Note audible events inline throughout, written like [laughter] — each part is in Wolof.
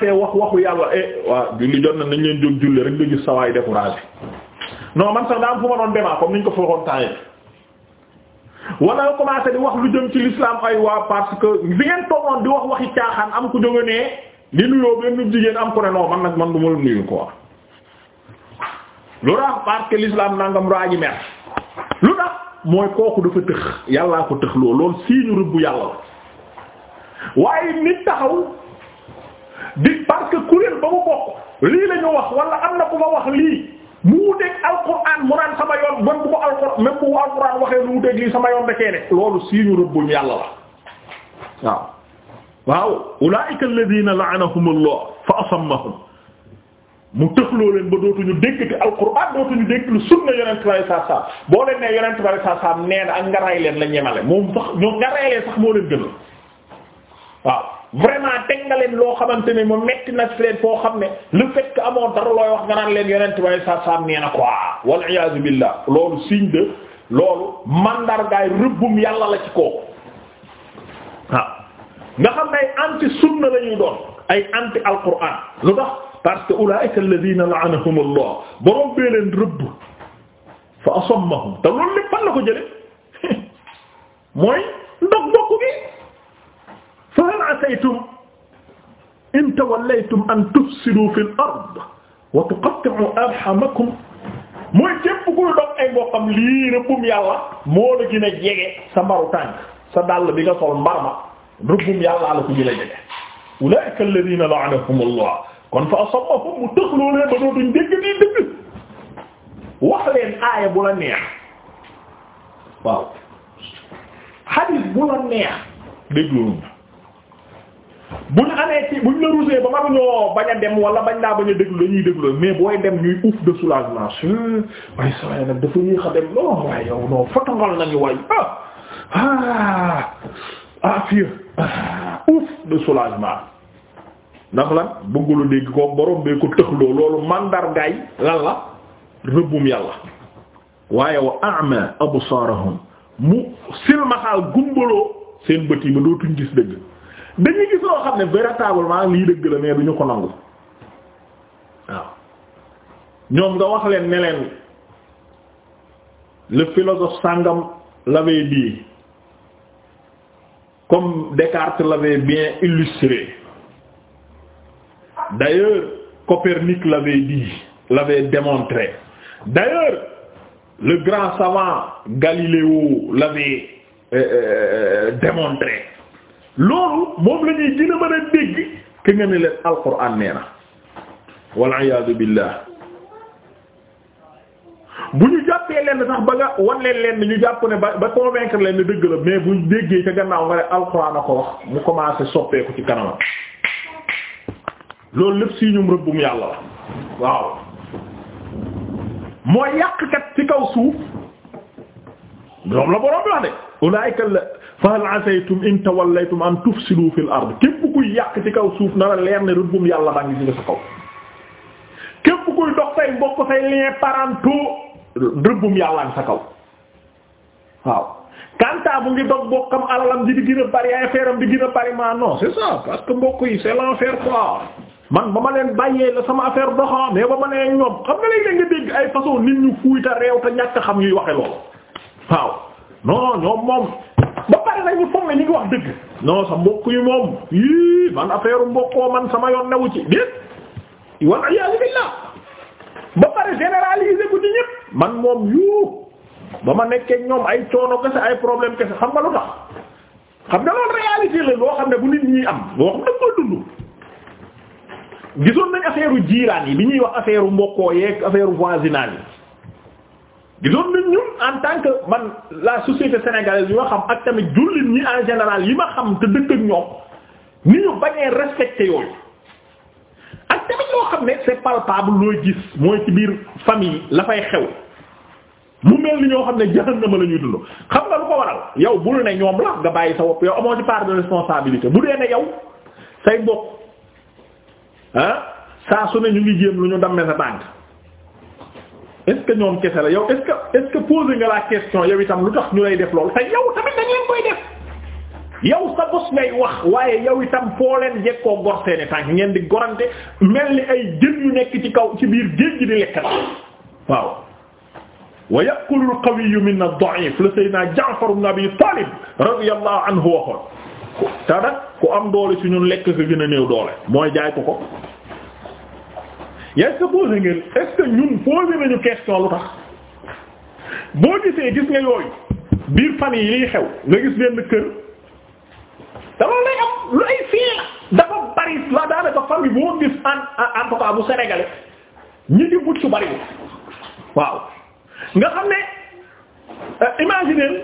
commencé wax waxu yàlla eh waaw julli jot na nañ leen jóg julli rek nga gis sawaay découragé noo man sax daa am fu ma doon demaa comme niñ ko foogoon temps yi wala commencé di wax lu jëm ci l'islam ay waa parce que bi ngeen toogoon di wax waxi caaxaan am ku jóge nee di nuyoo benn jigéen am ku ne non man nag man du ma la ko quoi lu tax parce que l'islam nangam raaji mer lu tax mooy kooku dafa tëx yàllaa ko tëx lool lool sii ñu rëbbu yàlla la waaye di parce que kuréel ba mu bokk lii la wax wala am na ku ma wax lii mu wuteeg alquran mu naan sama yoon man bu ko alquran même waxee lu wuteeg lii sama yoon da cee ne. loolu siiñu rëbbum yàlla la waaw. waaw ulaa'ika alladhiina la'anahumullah fa asammahum mu tëxloo lu sunna yonent bari saa saa boo leen nee yonent ak nga leen la ñemale moom sax ñoom nga leen sax moo leen gën waaw. vraiment teg loo xamante ne mu metti na leen foo xam ne le fait que amoo dara looy wax nga naan leen yonent way sa sam nee na wal iyaazu billah loolu signe de loolu mandargaay rëbbum yàlla la ci kooku waaw nga xam ne ay anti sunna la doon ay anti alquran lu dox parce que ulaa'ika alladhina la'anahum allah borom leen rëbb fa asammahum te loolu lépp fan ko jële [laughs] mooy ndox bokku gi fa hal asaytum in tawallaytum an tufsidu fil ard wa tuqatti'u arhamakum mooy képp kuy dog ay mbokkam lii rëbbum yàlla moo la gën a jege sa mbaru tànk sa dàll bi nga sol mbar ma rëbbum yàllaa la ko gën a jege ulaa'ika alladhiina la'anahum Allah kon fa asammahum mu tëxloo leen ba dootuñ dégg nii dëgg wax leen aaya bu la neex waaw hadith bu la neex dégluwul bu ñu amee ci bu ñu la bañ a dem wala bañ laa bañ a déglu dañuy déglu mais booy dem ñuy ouf de soulagement waaye saa yi nag dafa yéex a dem non waaye yow non fotongal nañu waay ah ah ah fii ouf ah, ndax lan bëggulu dégg ko borom bee ko tëxloo loolu mandargaay lan la rëbbum yàlla waaye wa a'ma absaarahum mu silmaxaal gumbaloo seen bët yi ba dootuñ gis dëgg. dañuy gis loo xam ne véritablement lii dëgg la mais duñu ko nangu waaw ñoom nga wax leen ne leen le philosophe sàngam l'avait dit comme Descartes l'avait bien illustré d'ailleurs Copernic l'avait dit l'avait démontré d'ailleurs le grand savant Galiléo l'avait euh, euh démontré loolu moom la ñuy mën a dégg ki nga ne leen alquran nee na wal iyaadu billah bu ñu jàppee lenn sax ba nga wan leen lenn ñu jàpp ne ba ba convaincre leen ne dëgg la mais bu ñu déggee ca gannaaw nga ne alxuraan a ko wax mu commencé soppeeku ci kanamam loolu lépp si ñum rëbbum yàlla la waaw moo yàqkat ci kaw suuf ñoom la borom bi wax de ulaayika la fa hal in tawallaytum an tufsidu fil ard képp kuy yàq ci kaw suuf na la leer ne rëbbum yàlla baa ngi ci sa kaw képp kuy dox say mbokk say liens parentaux rëbbum yàlla ngi sa kaw waaw kanta bu ngi dog mbokkam alalam ji di gën a bari ay feeram di gën a bari ma non c'est ça parce mbokk yi c'est l'enfer quoi man ba ma leen bàyyee la sama affaire doxa mais ba ma nee ñoom xam nga léegi nga dégg ay façon nit xam yuy waxe loolu waaw non ñoom moom ba pare nag ñu ne ñu ngi wax dëgg non sa mbokk yi moom yii man affaire mbokkoo man sama yoon newu ci déet walla iyaazu billaah ba pare généraliser ko ci ñépp man moom yu ba ma nekkee ñoom ay coono kese ay problème kese xam nga lu tax xam nga loolu réalité loo xam ne bu nit ñi am loo xam ne ko dund gisoon nañ affaire u yi bi ñuy wax affaire u mbokkoo yeeg affaire u voisinage yi gisoon nañ ñun en tant que man la société sénégalaise yi ma xam ak tamit jullit ñi en général yi ma xam te dëkk ak ñoom ni ñu bañee respecté yooyu ak tamit loo xam ne c'est palpable looy gis mooy ci biir famille la fay xew mu mel ni ñoo xam ne jahannama la ñuy dund xam nga lu ko waral yow bul ne ñoom la nga bàyyi sa wopp yow amoo ci part de responsabilité bu dee ne yow say bokk ah saa su ne ñu ngi jéem lu ñu dammee sa tànk est-ce ñoom kese la yow est-ce que est-ce que nga la question yow itam lu tax ñu lay def loolu te yow tamit dañ koy def yow sa bos ngay wax waaye yow itam foo leen jekkoo gor seeni tànk ngeen di gorante mel ni ay jën yu nekk ci kaw ci biir géej gi di lekkat waaw wa yaqulu al-qawiyyu minna ad-da'if la sayyidina Ja'far ibn anhu waxoon te ku am doole ci ñun lekk ko gën a néew doole mooy jaay ko ko yaa sa posé ngeen est-ce nañu question lu tax boo gisee gis nga yooyu biir famille yi xew nga gis benn kër te loolu lay am yi ay fiir dafa bari la daanaka famille boo gis en en tout cas bu sénégalais ñi di but bari waaw nga xam ne euh, imaginer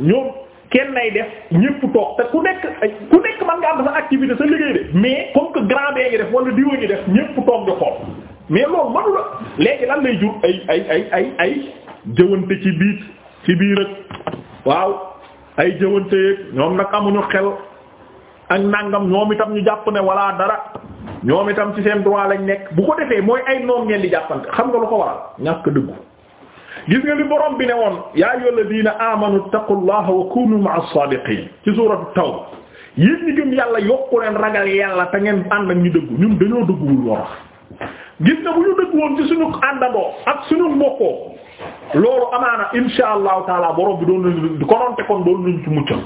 ñoom kenn nay def ñépp toog te ku nekk ku nekk man nga am sa activité sa liggéey de mais comme que grand bee ngi def wala diwa ñépp toog di xool mais loolu manu la léegi lan lay jur ay ay ay ay ay jëwante ci biir ci biir waaw ay jëwante yeeg ñoom nag amuñu xel ak nangam ñoom itam ñu jàpp ne wala dara ñoom itam ci seen droit lañ nekk bu ko defee mooy ay noon ngeen di jàppante xam nga lu ko waral ñàkk dëggu gis nga li borom bi ne woon yaa ayyuha alladina amanu taqullaha wa kunu ma'as saadiqin ci suuratu tawba yéen ñi gëm yàlla yokku leen ragal yàlla te ngeen ànd ak ñu dëggu ñun dañoo dëgguwul moo gis nga bu ñu dëgg woon ci suñu àndandoo ak suñu mbokkoo loolu amaana insha allahu taala borom bi doon nañu kononte kon doon nañu ci muccal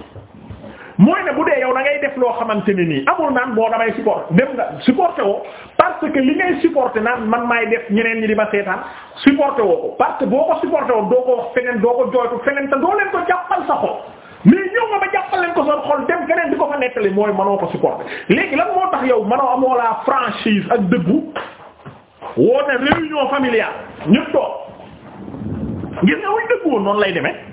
mooy ne bu dee yow da ngay def loo xamante ne nii amul naan boo damay supporté dem nga supporté woo parce que li ngay supporté naan man maay def ñeneen ñi di ma seetaan supporté woo ko parce que boo ko supporté woo doo ko wax feneen doo ko jooytu feneen te doo leen ko jàppal sa xol mais ñëw nga ba jàppal leen ko sa xol dem keneen di ko fa nettali mooy manoo ko supporté léegi lan moo tax yow manoo amoo la franchise ak dëggu woo ne réunion familiale ñëpp toog ngir nga wuñ noonu lay demee.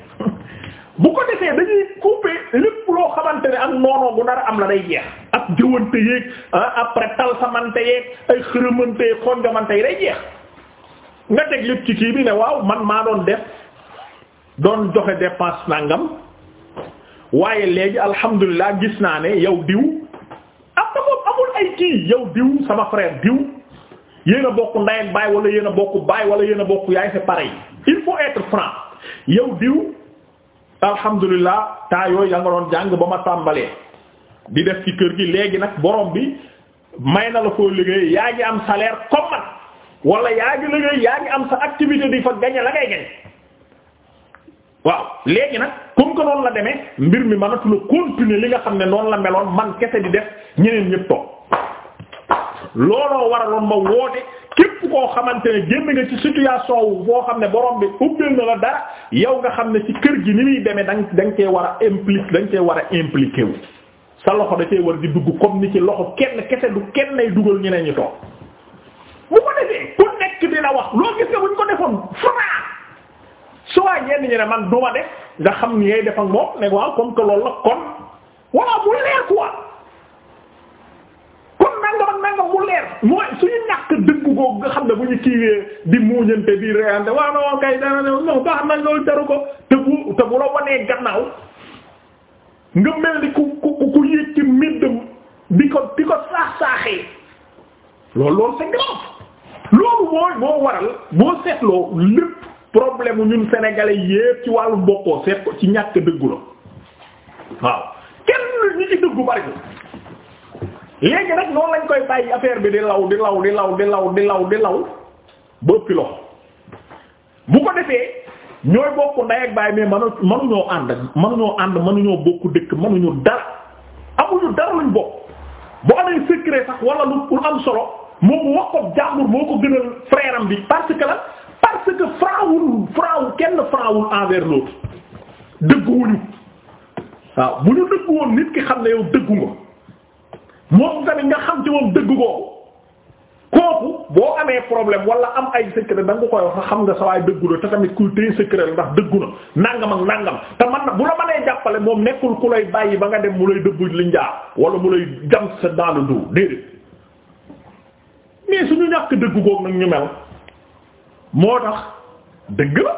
bu ko defee dañuy couper lépp loo xamante ne ak noonoo bu dara am la day jeex ak jëwante yeeg ah, après talsamante yeeg ay xërëmante yeeg xonjomante yi day jeex nga teg lépp ci kii bi ne waaw man maa doon def doon joxe dépense nangam waaye léegi alhamdulilah gis naa ne yow diw am ah, na moom amul ay kii yow diw sama frère diw yéen bokk ndey baay wala yéen a bokk baay wala yéen a bokk yaay c'est pareil il faut être franc yow diw alhamdulilah temps yooyu ya nga doon jàng ba ma tàmbalee di def ci kër gi léegi nag borom bi may na la foo liggéey yaa ngi am salaire comme man wala yaa ngi liggéey yaa ngi am sa activité di fa gañe la ngay gañe waaw léegi nag comme que noonu la demee mbir mi mënatu la continuer li nga xam ne noonu la meloon man kese di def ñeneen ñëpp toog looloo waraloon ma woote képp koo xamante ne génn nga ci situation wu boo xam ne borom bi ubbeel na la dara yow nga xam ne ci kër gi ni muy demee da nga da war a impliqué da nga war a impliqué wu. sa loxo da cee war di dugg comme ni ci loxo kenn kese du kenn nay dugal ñeneen ñi toog bu ko defee ku nekk di wax loo gis nga buñ ko defoon franc su waa ñenn ñi man duma def nga xam ni ngay def ak moom ne waaw comme que loolu la kon voilà bu leer quoi. nangam ak nangam mu leer mooy suñu ñàkk dëgg googu nga xam ne bu ñu kiiwee di muuñante di reyante waaw non kay dana ne non baax na loolu jaru ko te bu te bu la wanee gannaaw nga mel ni ku ku ku yéeg ci middam di ko di ko saax saaxee loolu loolu mooy moo waral boo seetloo lépp problème ñun sénégalais yépp ci wàllu bokkoo seet ko ci ñàkk dëggu la waaw kenn ñu ci dëggu bari ko léegi nag noonu lañ koy bàyyi affaire bi di law di law di law di law di law di law ba ëppi loxo bu ko defee ñooy bokk ndey ak baay mais manu manuñoo ànd manuñoo ànd manuñoo bokk dëkk manuñu dara amuñu dara luñ bokk boo amee secret sax wala lu am solo moo ko wax ko jàmbur moo ko gënal frère am bi parce que la parce que fraawul fraawu kenn fraawul envers l'autre dëgguwuñu waaw bu ñu dëggu woon nit ki xam ne yow dëggu nga moom tamit nga xam ci moom dëgg googu kooku boo amee problème wala am ay secret da nga koy wax xam nga sa waay dëggu la te tamit kuy téye secret la ndax dëggu na nangam ak nangam te man na bu la mënee jàppale moom nekkul ku lay bàyyi ba nga dem mu lay dëbbu li njaar wala mu lay jam sa daanu du déedéet mais suñu ñàkk dëggu googu nag ñu mel moo tax dëgg la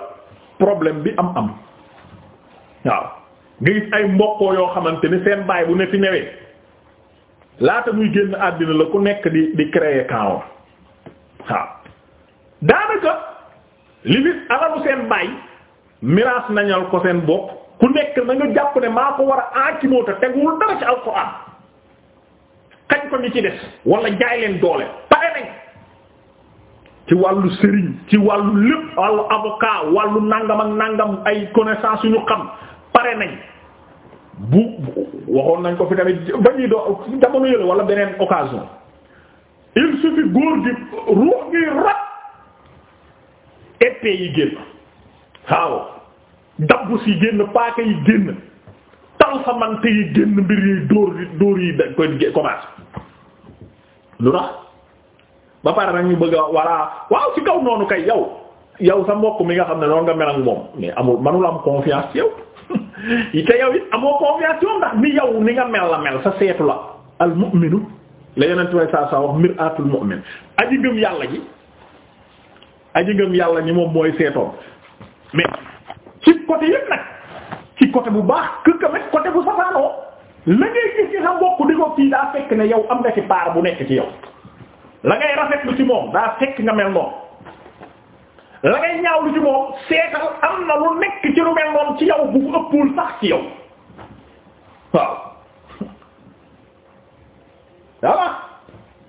problème bi am am waaw nga gis ay mbokkoo yoo xamante ni seen baay bu ne fi newee. laata muy génn àddina la ku nekk di di créer camp waaw daanaka li fi alalu seen baay miraas nañal ko seen bopp ku nekk na nga jàpp ne maa ko war a aakimoo te teguwul dara ci alxuraan xañ ko ni ci des wala jaay leen doole pare nañ ci wàllu sëriñ ci wàllu lépp wàllu avocat wàllu nangam ak nangam ay connaissance yu ñu xam pare nañ bu waxoon nañ ko fi tamit ba ñuy doo jamono yële wala beneen occasion il suffit góor gi ruux gi rat épée yi génn waaw dabbus yi génn paaka yi génn talfamante yi génn mbir yi dóor dóor yi dañ koy commencé lu tax ba pare nag ñu bëgg a walla waaw ci kaw noonu kay yow yow sa mbokk mi nga xam ne noonu nga mel ak moom mais amul manul am confiance ci yow te yow it amoo confiance yoon ndax ni yow ni nga mel la mel sa seetu la al mu'minu la yonent way saa saa wax mir'atul mu'min aji ngëm yàlla ji aji ngëm yàlla ni moom mooy seetoon mais ci côté yëpp nag ci côté bu baax que tamit côté bu safaanoo la ngay gis ci sa mbokk di ko kii daa fekk ne yow am nga ci paar bu nekk ci yow la ngay rafetlu ci moom daa fekk nga mel noonu la ngay ñaawlu ci moom seetal am na lu nekk ci lu mel noonu ci yow bu ëppul sax ci yow waaw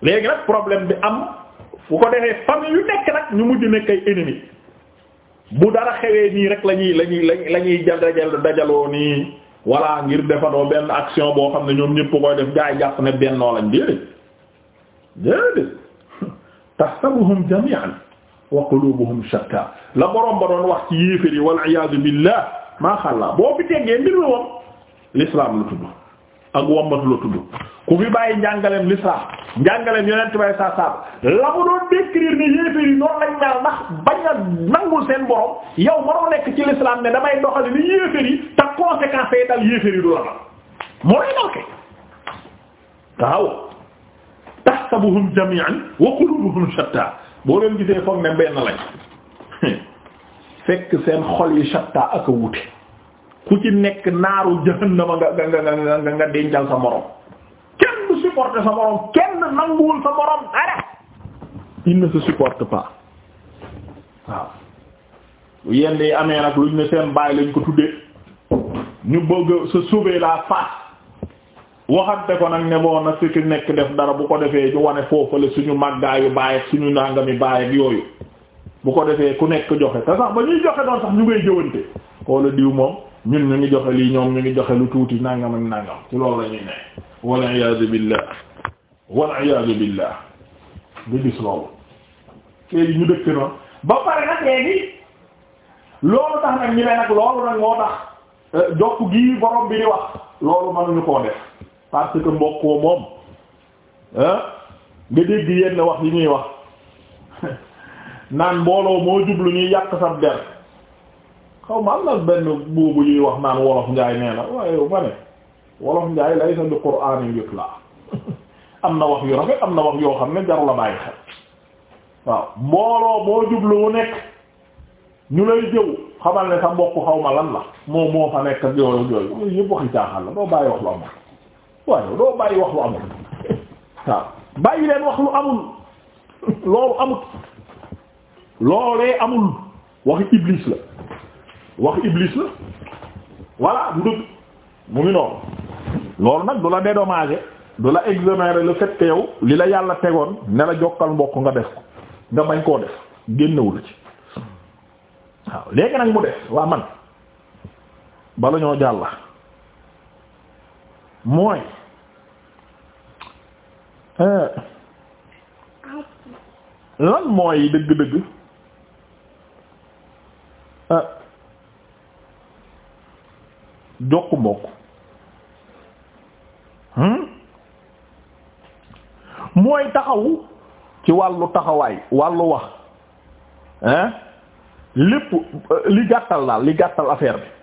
léegi nag problème bi am bu ko defee famille yu nekk nag ñu mujj nekk ay ennemis bu dara xewee nii rek la ñuy la ñuy la ñuy dajal dajaloo nii voilà ngir defandoo benn action boo xam ne ñoom ñëpp koy def gaay jàpp ne bennoo lañ déedéet déedéet [laughs] tahsabuhum jami'an wa qulubuhum shatta la borom ba doon wax ci yéefér yi wal iyaadu maa xalla boo fi teggee mbir woon l'islam la tudd ak wombatu la tudd ku fi bàyyi njàngaleem l'islam njàngaleem yonent bay saa saab la mu doon décrire ne yéefér yi noonu lañ ndax bañ a nangul seen borom yow mënoo nekk ci l'islam ne damay doxali ni yéefér yi te conséquences dal yéefér du la moo lay doke waaw tahsabuhum jami'an wa qulubuhum shatta boo leen gisee foog ne benn lañ [laughs] fekk seen xol yi shatta ak a wute ku ci nekk naaru jahannama nga nga nga nga nga dencal sa morom kenn du sa morom kenn nanguwul sa morom dara il ne supporte pas waaw yenn yi amee nag luñ ne seen bàyyi lañ ko tuddee ñu bëgg se sauver la face waxante ko nag ne boo na su ci nekk def dara bu ko defee ñu wane foofale suñu màggaayu baay ak suñu nangami baay ak yooyu bu ko defee ku nekk joxe te sax ba ñuy joxe doon sax ñu ngay jëwante xoola diw moom ñun ñu ngi joxe lii ñoom ñu ngi joxe lu tuuti nangam ak nangam ci loolu la ñuy ne wal iyaadu billah wal iyaadu billah di gis loolu léegi ñu dëkk noonu ba pare nag léegi loolu tax nag ñu ne nag loolu nag moo tax eh, jokk gii borom bi di wax loolu mënuñu parce que mbokkoo moom ah nga dégg yenn wax yi ñuy wax [laughs] naan mbooloo moo jublu ñuy yàq sab der xaw am na benn boobu ñuy wax naan wolof njaay nee na waaye ne wolof njaay lay sa bi qur'aan yut la [laughs] na wax yu na wax yoo xam ne jaru la bàyyi xel waaw mbooloo moo jublu wu nekk ñu lay jëw xamal ne sa mbokk xaw ma lan la moom moo fa nekk ak yooyu yooyu yëpp waxi caaxaan la doo bàyyi wax lu am waaye doo bàyyi wax lu amul waaw bàyyi leen wax lu amul loolu amul loolee amul wax iblis la wax iblis la voilà du mu noonu loolu nag du la dédommager du la exonérer le fait que yow li la yàlla tegoon ne la jokkal mbokk nga def ko nga bañ koo def génnewul ci waaw léegi nag mu def waa man bala ñoo jàll mooy euh, lan mooy dëgg-dëgg euh, jokk mbokk hmm? mooy taxawu ci wàllu taxawaay wàllu wax hein lépp euh, li gàttal daal li gàttal affaire bi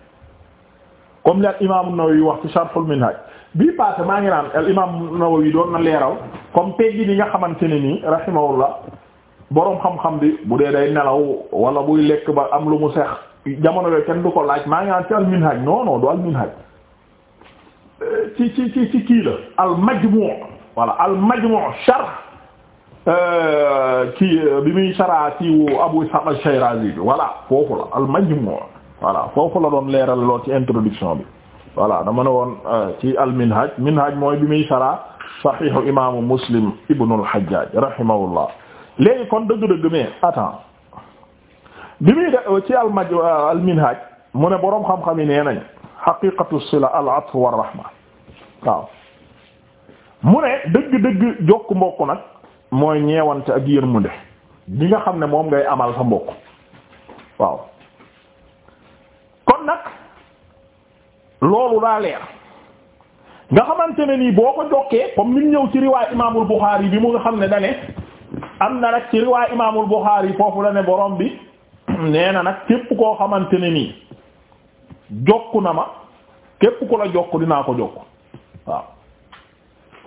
comme li al imaamu Nawawi wax ci Sharhul Minhaj bii passé maa ngi naan al imaamu yi doon na leeral comme teggi ni nga xamante ne nii la boroom xam-xam bi bu dee day nelaw wala buy lekk ba am lu mu seex jamono yooyu kenn du ko laaj maa ngi naan ci al Minhaj non du al Minhaj ci ci ci kii la al Majmu' voilà al Majmu' sharh euh, kii bi muy sara ci Abu Ishaq al-Shirazi bi voilà foofu la al Majmu' voilà foofu la doon leeral lool ci introduction bi voilà dama ne woon euh, ci al minhaj minhaj mooy bi muy sara sahihu imaamu muslim ibnu al hajjaj rahimahullah léegi kon dëgg-dëgg mais attends bi muy de euh, ci al maj euh, al minhaj mu ne boroom xam-xam yi nee nañ xaqiqatu sila al atf war rahma waaw mu ne dëgg-dëgg jokk mbokk nag mooy ñeewante ak yërmande bi nga xam ne moom ngay amal sa mbokk waaw loolu daa leer nga xamante ne nii boo ko jokkee comme ni ñëw ci riwaay imaamul Buxaari bi mu nga xam ne dane am na nag ci riwaay imaamul Buxaari foofu la ne borom bi [clears throat] nee na nag képp koo xamante ne nii jokk na ma képp ku la jokk dinaa ko jokk waaw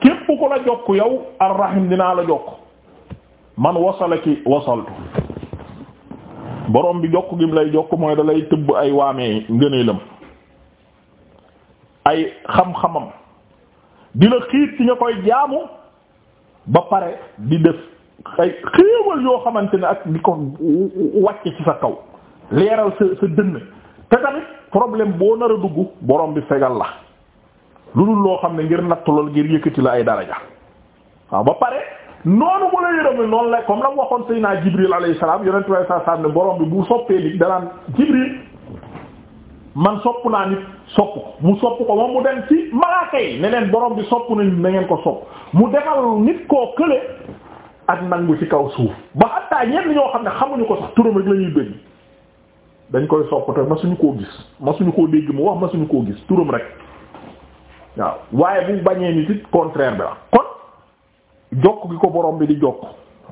képp ko la jokk yow arrahim dinaa la jokk man wasalaki wasaltu borom bi jokk gi mu lay jokk mooy da lay tëbb ay waamee ngëneelam ay xam-xamam di xiit ci nga koy jaamu ba pare di def ay xéewal yoo xamante ne ak di ko wàcc ci sa kaw leeral sa sa dënn te tamit problème boo nar a dugg borom bi fegal la lu dul loo xam ne ngir nattu lool ngir yëkkati la ay daraja waaw ba pare noonu mu la yërëmee noonu la comme la waxoon Seydina Jibril alayhi salaam yonentu alayhi salaam ne borom bi bu soppee li danaan Jibril man sopp naa nit sopp ko mu sopp ko ma mu dem ci malaaka yi ne leen borom bi sopp na nit na ko sopp mu defal nit koo kële ak nangu ci kaw suuf ba xattaa ñenn ñoo xam ne xamuñu ko sax turam rek la ñuy dañ koy sopp te masuñu koo gis masuñu koo dégg mu wax ma masuñu koo gis turam rek waaw waaye bu bañee nit it contraire bi la kon jokk gi ko boroom bi di jokk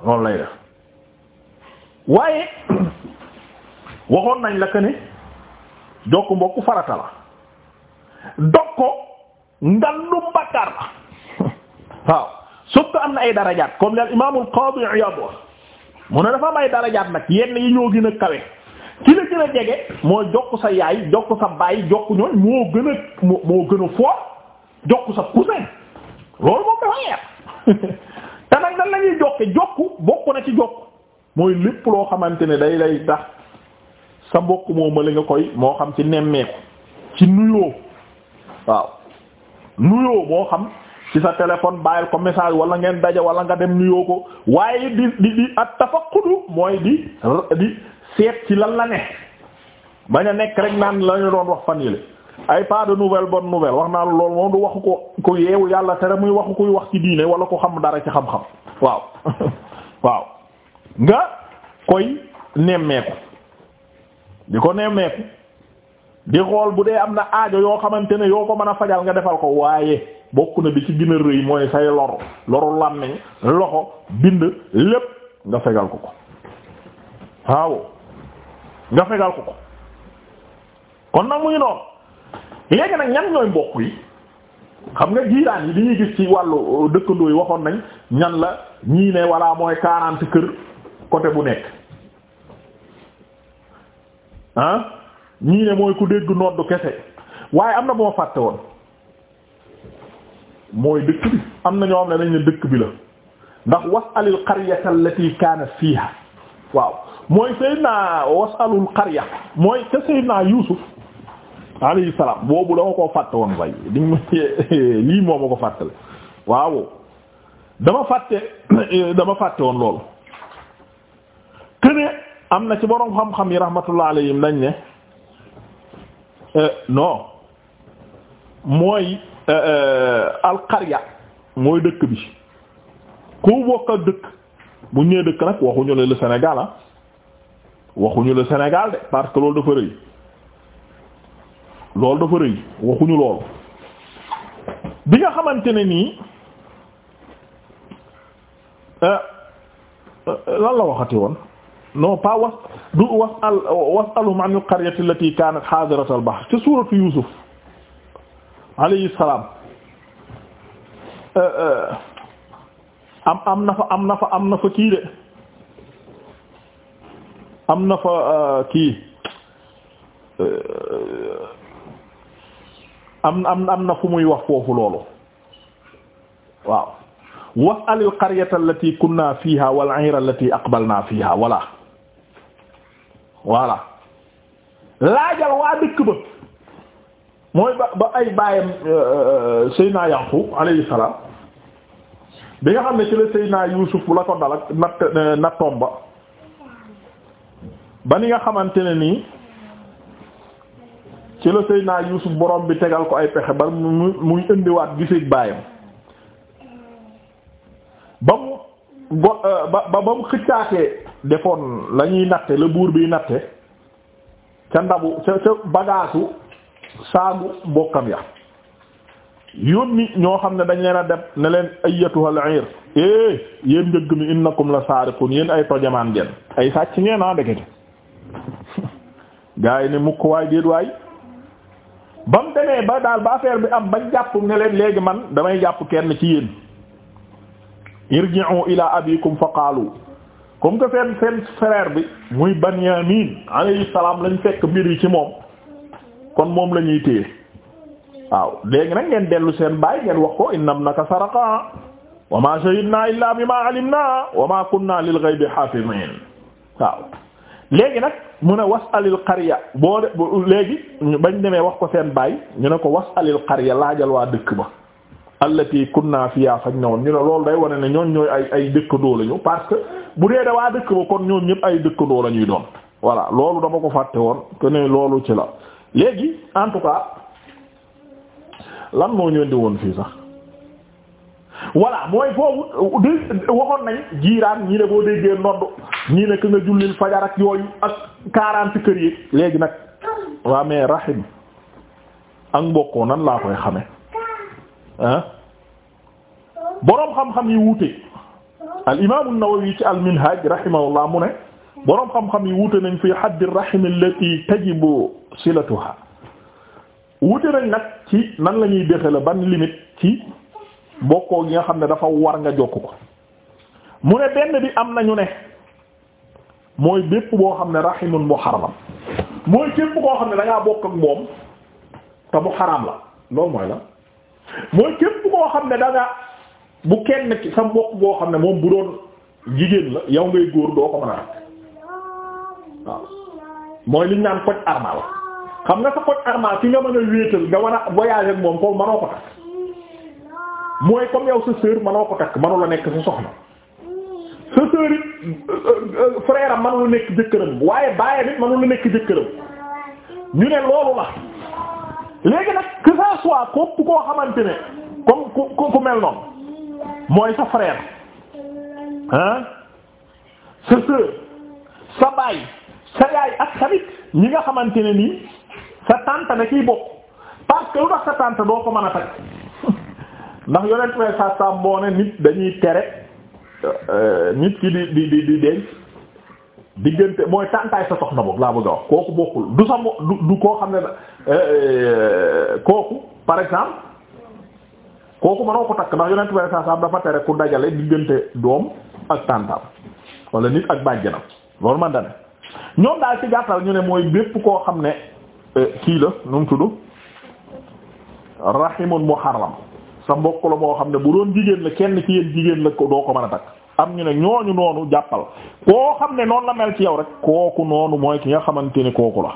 loolu lay def waaye [coughs] waxoon nañ la que jokk mbokk farata la dog ko ngandum bàkkaar la [laughs] waaw sukk am na ay darajaat comme li al imaamul Qaadi Iyaad mu ne dafa am ay darajaat nag yenn yi ñoo gën a kawe ki la gën jege moo jokk sa yaay jokk sa baay jokk ñooñ moo gën a moo gën a foor jokk sa cousin loolu moom dafa yeer [laughs] te nag nan la ñuy jokke jokk bokk na ci jokk mooy lépp loo xamante ne day lay tax sa mbokk moom la nga koy moo xam ci nemmeeku ci nuyoo waaw nuyoo moo xam ci sa téléphone bàyyil ko message wala ngeen daja wala nga dem nuyoo ko waaye di di di at tafaqqudu mooy di seet ci lan la ne bañ a nekk rek naan la doon wax fan yële ay pas nouvelle bonne nouvelle wax naa loolu moom du waxu ko ko yeewu yàlla tere muy waxu kuy wax ci diine wala ko xam dara ci xam-xam waaw [laughs] waaw nga koy nemmeeku. di ko nemmeeku di xool bu dee am na aajo yoo xamante ne yoo ko mën a fajal nga defal ko waaye bokk na bi ci gën a rëy mooy say lor loru làmmiñ loxo bind lépp nga fegal ko ko waaw nga fegal ko ko kon nag muy noonu léegi nag ñan ñooy mbokk yi xam nga jiiraan yi dañuy gis ci wàllu dëkkandoo yi waxoon nañ ñan la ñii ne walla mooy quarante kër côté bu nekk ah ñii ne mooy ku dégg noddu kese waaye am na boo fàtte woon mooy dëkk bi am na ñoo xam ne dañ ne dëkk bi la ndax wasalil qaryata allati kaanat fiiha waaw mooy Seydina wasalul qarya mooy te Seydina Yuusuf alayhi salaam boobu la ma koo fàtte woon way [laughs] lii moo ma ko fàttale waaw dama fàtte [coughs] dama fàtte woon loolu kene am na ci boroom xam-xam yi rahmatullah alayhim dañ ne euh, no mooy euh, euh, alqarya mooy dëkk bi ku bokk ak dëkk bu ñëwee dëkk nag waxuñu la senegal Sénégal ah, waxuñu le Sénégal de parce que loolu dafa rëy loolu dafa rëy waxuñu loolu bi nga xamante ne nii lan la waxati woon non pas was du was al wasalhum an al-qaryati allati kanat hadirat al-bahr ci suratu Yusuf alayhi salaam euh, euh, am am na fa am na fa am na fa kii de am na fa euh, kii am am am na fu muy wax foofu loolu waaw was'alil qaryata allati kunna fiha wal 'ayra allati aqbalna fiha wala voilà laajal waa dëkk ba mooy ba ba ay baayam euh, euh, Seydina Yaqub alayhi salaam bi nga xam ne ci la Seydina Yuusuf la ko dal ak natt euh, nattoom ba ni nga xamante ne nii ci la Seydina Yuusuf borom bi tegal ko ay pexe ba mu muy indiwaat giseeg baayam ba mu ba ba mu xëccaatee defoon lañuy ñuy natte la buur biy natte ca ndabu ca ca bagaasu saagu mbokkam ya yónni ñoo xam ne dañ leen a dem ne leen ayyatuhal ayir eh yéen njëgg mi innakum la saariqun yéen ay tojamaan ngeen ay sàcc ngeen ah ndekete [laughs] gaa yi ne mukk waay déet waay ba mu demee ba daal ba affaire bi am bañ jàpp ne leen léegi man damay jàpp kenn ci yéen irji'u ila abikum fa qaalu comme que seen seen frère bi muy Banyamin alayhi salaam lañu fekk mbir yi ci moom kon moom lañuy ñuy waaw léegi nag ngeen dellu seen baay ngeen wax ko innam naka saraqa wa ma shahidna illa bima alimna wa ma kunna lil ghaybi hafizin waaw léegi nag mu ne wasalil qarya boo de léegi bañ demee wax ko seen baay ñu ne ko wasalil qarya laajal waa dëkk ba allati kunna fiya fañ ne woon ñu ne loolu day wane ne ñoon ñooy ay ay dëkkandoo lañu parce que bu dee da waa dëkk ba kon ñoom ñëpp ay dëkkandoo la ñuy doon voilà loolu dama ko fàtte woon que loolu ci la léegi en tout cas lan moo ñëw indi woon fii sax voilà mooy foofu di waxoon nañ jiiraan ñii ne boo déggee nodd ñii ne que nga jullil fajar ak yooyu ak quarante kër yi léegi nag waa mais rahim ak mbokkoo nan laa koy xame boroom xam-xam yi wuute al imaamu Nawawi ci al minhaj rahimahullah mu ne boroom xam-xam yi wuute nañ fi haddi rahim allati tajibu silatuha wuute nañ nag ci nan la ñuy dexe la ban limite ci bokkoo gi nga xam ne dafa war nga jokk ko mu ne benn bi am nañu ne mooy bépp boo xam ne rahimun muharram mooy képp koo xam ne da ngaa bokk ak moom te mu la loolu mooy la. mooy képp koo xam ne da bu kenn ci sa mbokk boo xam ne moom bu doon jigéen la yow ngay góor doo ko mën a rakk mooy liñ naan koc armal xam nga sa koc armal fi nga mën a wéetal nga wan a voyager ak moom kooku mënoo ko takk mooy comme yow sa sœur mënoo ko takk mënu la nekk sa soxna sa sœur it euh, euh, frère am nekk jëkkëram waaye baayam it mënu la nekk jëkkëram ñu ne loolu la léegi nag que ça soit ku koo xamante ne comme ku ku mel noon mooy sa frère ah sa sœur sa baay sa yaay ak tamit ñi nga xamante ne nii sa tante da ciy bokk parce que lu tax sa tante doo ko mën a takk [laughs] ndax yonent sa sa boo ne nit dañuy tere euh, euh, nit ki di di di di denc. diggante mooy tàntaay sa soxna boobu laa bëgg a wax kooku bokkul du sa mo du du koo xam ne euh, euh, kooku par exemple kooku mënoo ko takk ndax yonent bi saa saa dafa tere ku dajale diggante doom ak tàntaam wala nit ak bàjjanam loolu man da ne ñoom daal ci gàttal ñu ne mooy bépp koo xam ne euh, kii la nu mu tudd rahimun muharram sa mbokk la moo xam ne bu doon jigéen la kenn ci yéen jigéen la ko doo ko mën a takk. am ñu ne ñooñu noonu jàppal koo xam ne noonu la mel ci yow rek kooku noonu mooy ki nga xamante ne kooku la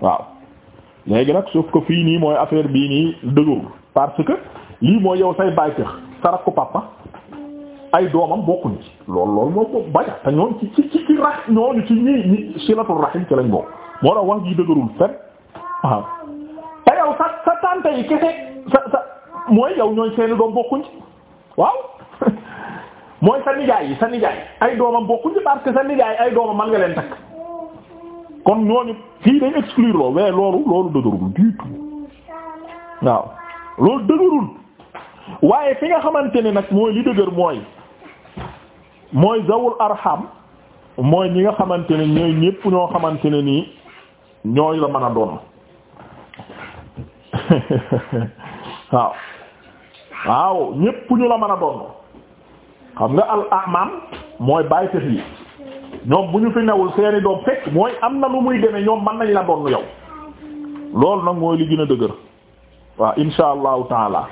waaw léegi nag sauf que fii nii mooy affaire bii nii dëgërul parce que lii mooy yow say baay tëx sarak ko papa ay doomam bokkuñu ci loolu loolu moo ko bañ te ñoon ci ci ci ci rax ñooñu ci ñi silatul rahim ci lañ bokk moo tax wax ji dëgërul fen waaw te yow sa sa tante yi kese sa sa mooy yow ñooy seeni doom bokkuñ ci waaw [laughs] mooy sa nijaay yi sa nijaay ay doomam bokkuñu parce que sa nijaay ay dooma man nga leen takk kon ñooñu fii dañ exclure loolu mais loolu loolu dëgërul du tout waaw loolu dëgërul waaye fi nga xamante ne nag mooy li dëgër mooy mooy zawul arham mooy ñi nga xamante ne ñooy ñépp ñoo xamante ne nii ñooy la mën a doon [laughs] waaw waaw ñépp ñu la mën a doon. xam nga al amam mooy bàyyi fex yi ñoom bu ñu fi newul seeni doom fekk mooy am na lu muy demee ñoom mën nañ la doon yow loolu nag mooy li gën a dëgër waaw insha allahu taala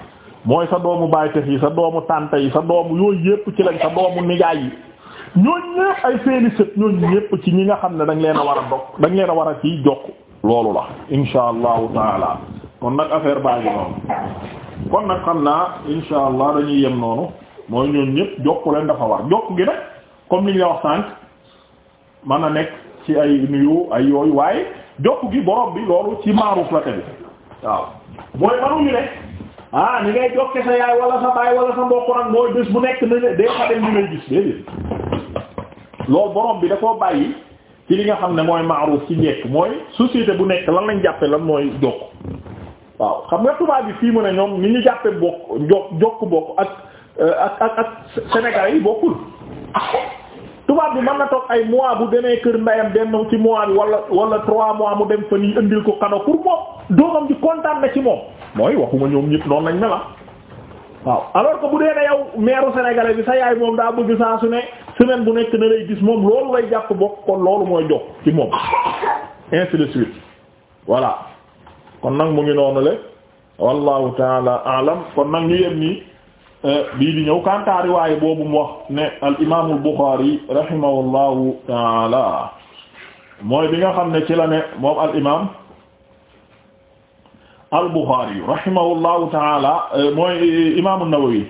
mooy sa doomu bàyyi fex yi sa doomu tànta yi sa doomu yooyu yépp ci lañ sa doomu nijaay yi ñooñ ñépp ay seeni sët ñooñ ñépp ci ñi nga xam ne dañ leen a war a dog dañ leen a war a ciy jokk loolu la insha allahu kon nag affaire baa ngi noonu kon nag xam naa insha allah dañuy yem mooy ñoom ñëpp jokku leen dafa war jokk gi nag comme liñ la wax sànq mën nekk ci ay nuyu ay yooyu waaye jokk gi borom bi loolu ci maaruf la tamit ah ni ngay jokke sa yaay bu nekk na day xadem ñu ngay gis bi da koo li nga xam ne mooy maaruf ci mooy société bu nekk lan lañ jàppe lan mooy jokk xam nga tubaab bi fii mu ne ñoom ni ñu jàppe bokk jokk bokk ak Euh, ak ak ak Sénégal yi bokkul ah tubaab bi man na toog ay mois bu demee kër ndayam benn ci mois bi wala wala trois mois mu dem fa nii indil ko kano pour moom doomam ji kontaan na ci moom mooy waxuma ñoom ñëpp noonu lañ ne la waaw alors que bu dee ne yow meeru sénégalais bi sa yaay moom daa bëgg saa su ne semaine bu nekk na lay gis moom loolu lay jàpp bokk kon loolu mooy jox ci moom ainsi de suite voilà kon nag mu ngi noonu le wallahu taala kon nag ñu bii di ñëw kanta riwaaya boobu mu wax ne al imaamu al Buxaari taala mooy bi nga xam ne ci la ne moom al imaam al Buxaari rahimahullahu taala mooy imaamu Nawawi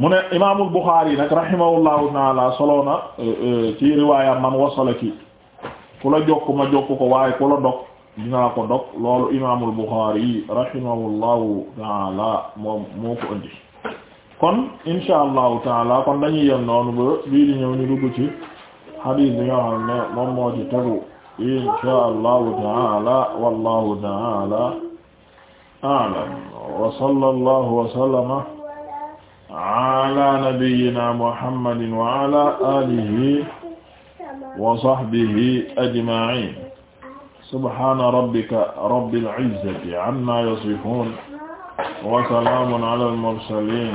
mu ne imaamul Buxaari nag rahimahullahu taala solo euh, euh, ci riwaaya man wasala ku la jokk ma jokk ko waaye ku la dog dinaa ko dog loolu imaamul Buxaari rahimahullahu taala moo ko indi kon insha allahu taala kon dañuy yem noonu ba bii di ñëw ñu dugg ci hadith bi nga xam ne moom moo ci tegu insha allahu taala wallahu taala a'lam wa sallallahu wa sallama ala nabiyyina muhammadin wa ala alihi wa sahbihi ajma'in subhana rabbika rabbil izzati amma yasifun wa salamun ala al mursalin